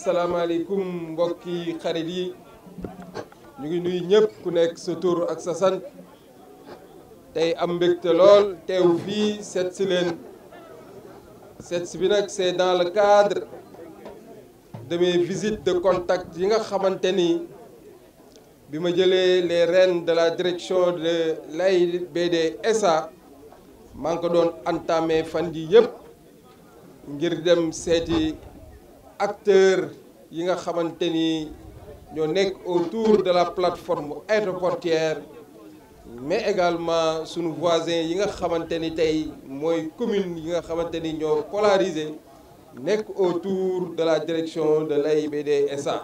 salaamaaleykum mbokki xarit yi ñu ngi nuyu ñëpp ku nekk sa tour ak sa sant tey am mbégte lool teew fii si leen bi nag c'est dans le cadre de mes visites de contact yi nga xamante ni bi les reines de la direction de l'AIBD SA maa ngi ko doon entamé fan yi yëpp ngir dem seeti acteurs yi nga xamante ñoo autour de la plateforme aéroportière mais également nos voisins yi nga xamante ni moy commune yi nga xamante ñoo polarisé n'ek autour de la direction de l'AIBD SA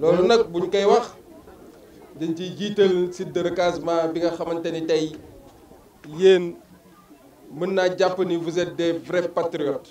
loolu nag buñ koy wax dañ ciy jiital site de recasement bi nga xamante ni tey yéen mën ni vous êtes des vrais patriotes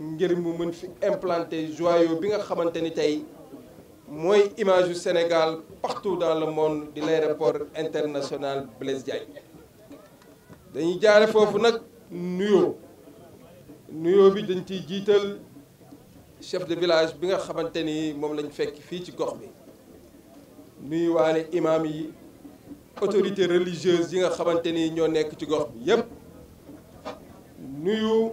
ngir mu mën fi implanter joyau bi nga xamanteni tay moy image du Sénégal partout dans le monde di l'aéroport international Blaise Diagne dañuy jaare fofu nak nuyo nuyo bi dañ ci jiital chef de village bi nga xamanteni mom lañ fekk fi ci gox bi nuyu waale imam yi autorité religieuse yi nga xamanteni ño nek ci gox bi yépp nuyu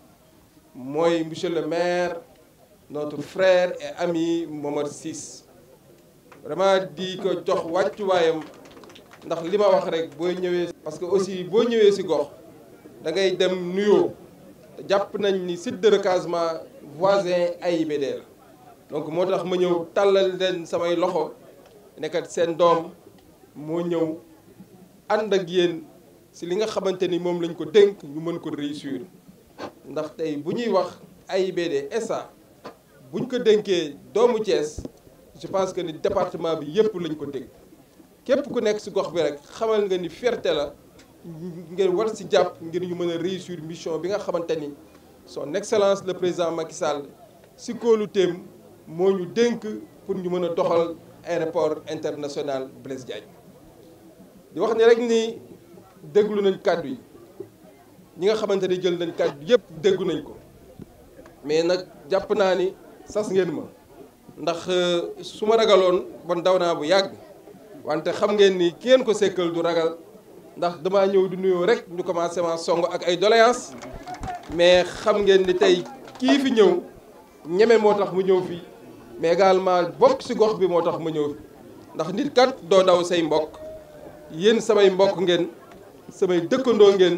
Moi, monsieur le maire notre frère et ami Momor 6 vraiment di que jox que ndax wax rek parce que aussi bonne Nous ci gox da dem nuyo japp nañ ni site recasement voisin ay donc motax ma ñëw samay loxo nekkat sen dom mo ñëw and ak yeen ci li nga xamanteni lañ ko réussir ndax tay bu ñuy wax AIBD SA bu ñu ko dénkee doomu Thiès je pense que ni département bi yëpp lañ ko dégg képp ku nekk si gox bi rek xamal nga ni fierté la ngeen war si jàpp ngir ñu mën a réussir mission bi nga xamante ni son excellence le président Macky Sall si kóoluteem moo ñu dénk pour ñu mën a doxal aéroport international Blaise Diagne di wax ni rek ni déglu nañ kàddu yi. ñi nga xamante jël nañ kàddu yépp déggu nañ ko mais nak japp naa ni sas ngeen ma ndax euh, suma ragaloon bon daw naa bu yàgg wante xam ngeen ni ki ko sekkal du ragal ndax dama ñëw di nuyoo rek ñu commencé ma song ak ay doléance mais xam ngeen ni tey kii fi ñëw ñeme moo tax mu ñëw fi mais également bokk ci gox bi moo tax mu ñëw fi ndax nit kat doo daw say mbokk yéen samay mbokk ngeen samay dëkkandoo ngeen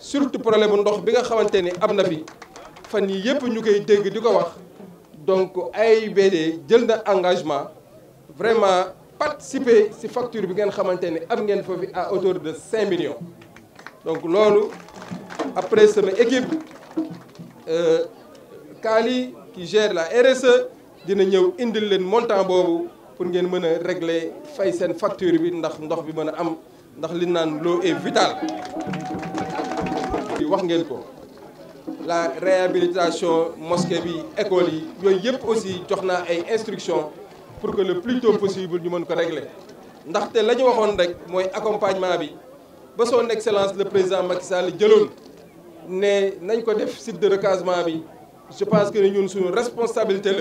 surtout problème ndox bi nga xamanteni ni fi fan yi yëpp ñu koy dégg di ko wax donc AIBD jël na engagement vraiment participer ci facture bi ngeen xamanteni ni am ngeen fofu à hauteur de 5 millions donc lolu après sama équipe euh, Kali qui gère la RSE dina ñëw indil leen montant bobu pour ngeen mëna régler fay sen facture bi ndax ndox bi mëna am ndax li nane l'eau est vitale wax ngeen la réhabilitation mosquée bi école yi y a aussi jox instructions pour que le plus tôt possible nous puissions ko régler ndaxte la ñu waxoon rek mooy accompagnement bi ba son excellence le président Macky Sall jëloon ne nañ ko def site de recasement je pense que avons une responsabilité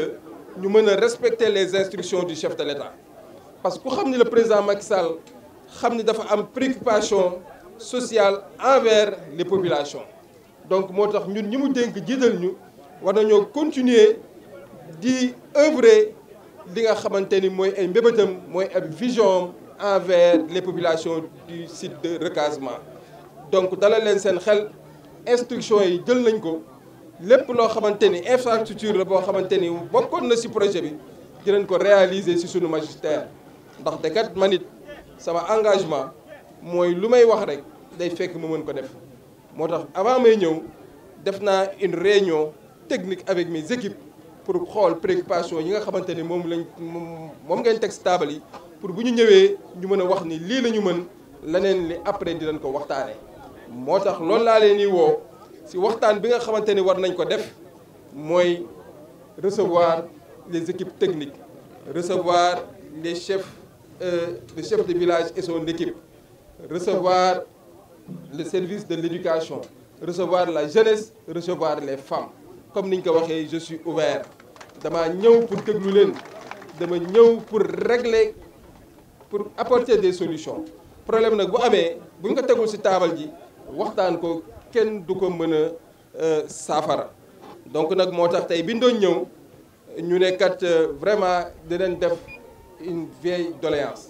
nous ñu respecter les instructions du chef de l'État parce que ku le président Macky Sall a ni dafa préoccupation social envers les populations donc moo tax ñun ñi dénk ñu continuer di œuvrer li nga xamante ni ay mbébétam mooy ab vision envers les populations du site de recasement donc dans leen seen xel instruction yi jël nañ ko lépp loo xamante ni infrastructure la boo xamante ni na ci projet bi dinañ ko réaliser ci sunu magistère ndax de kat sama engagement mooy l'humain may wax rek day fekk mu mën ko def moo tax avant may ñëw def naa une réunion technique avec mes équipes pour xool préoccupation yi nga xamante ni moom lañ moom ngeen teg stable yi pour bu ñu ñëwee ñu mën a wax ni lii la ñu mën leneen li après di leen ko waxtaane moo tax loolu laa leen di woo si waxtaan bi nga xamante ni war nañ ko def mooy recevoir les équipes techniques recevoir les chefs euh, le chef de village et son équipe recevoir le service de l'éducation recevoir la jeunesse recevoir les femmes comme ni je suis ouvert dama suis pour dama pour régler pour apporter des solutions Le problème est bu si vous avez ko cette table, vous ji waxtaan ko kenn du ko pas euh, donc nous vous tax que nous, ñu euh, vraiment une vieille doléance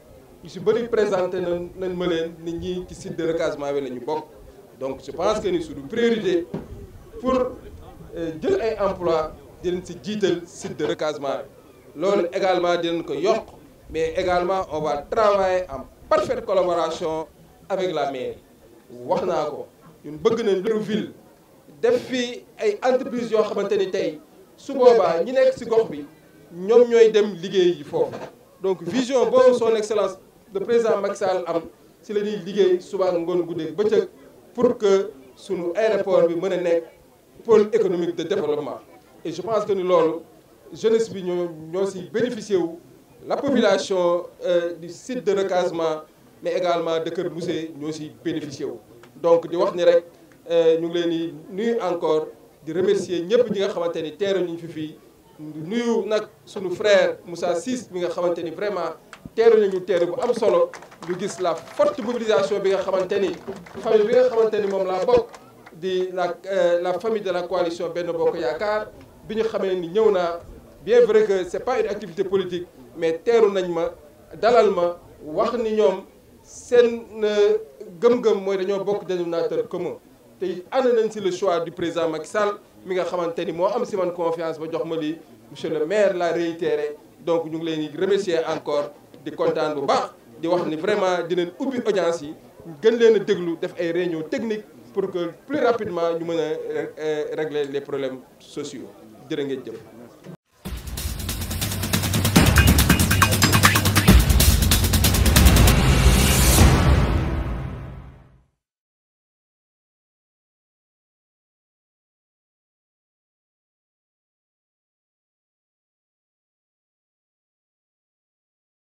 ñu si bëri dans nañ nañ ma leen nit site de recasement bi la ñu donc je pense que ni suñu priorité pour euh, jël ay emploi dinañ si jiital site de recasement Lors également dinañ ko yokk mais également on va travailler en parfaite collaboration avec la mairie wax naa ko ñun bëgg nañ ville Depuis, fii ay entreprises yoo xamante ni tey su boobaa ñi bi dem donc vision bonne, son excellence le président Macky Sall am si le ñuy liggéey suba goudé beuk pour que son aéroport bi mën nek pôle économique de développement. et je pense que ni lolu jeunesse bi ñoo ñoo si bénéficier la population euh, du site de recasement mais également de keur Moussé ñoo si bénéficier donc di wax ni rek euh, ñu ngi leen encore di remercier ñëpp ñi nga xamanteni ni ñu fi fi nuyu nak sunu frère Moussa Ciss mi nga xamanteni vraiment teeru nañu teeru bu am solo ñu gis la forte mobilisation bi nga xamante ni famille bi nga xamante ni moom laa di la euh, la famille de la coalition Benno Bokk Yakar bi ñu xamee ni ñëw bien vrai que c'est pas une activité politique mais teeru nañ ma dalal ma wax ni ñoom seen euh, gëm-gëm mooy dañoo bokk dénominateur commun te ànd nañ le choix du président Macky Sall mi nga xamante ni am si man confiance ba jox ma lii monsieur le maire l'a réitéré donc ñu ngi leen remercier encore de kontaan bu baax di wax ni vraiment dinañ ubbi audience yi gën leen a déglu def ay réunion technique pour que plus rapidement ñu mën a euh, régler les problèmes sociaux jërë ngeen jëf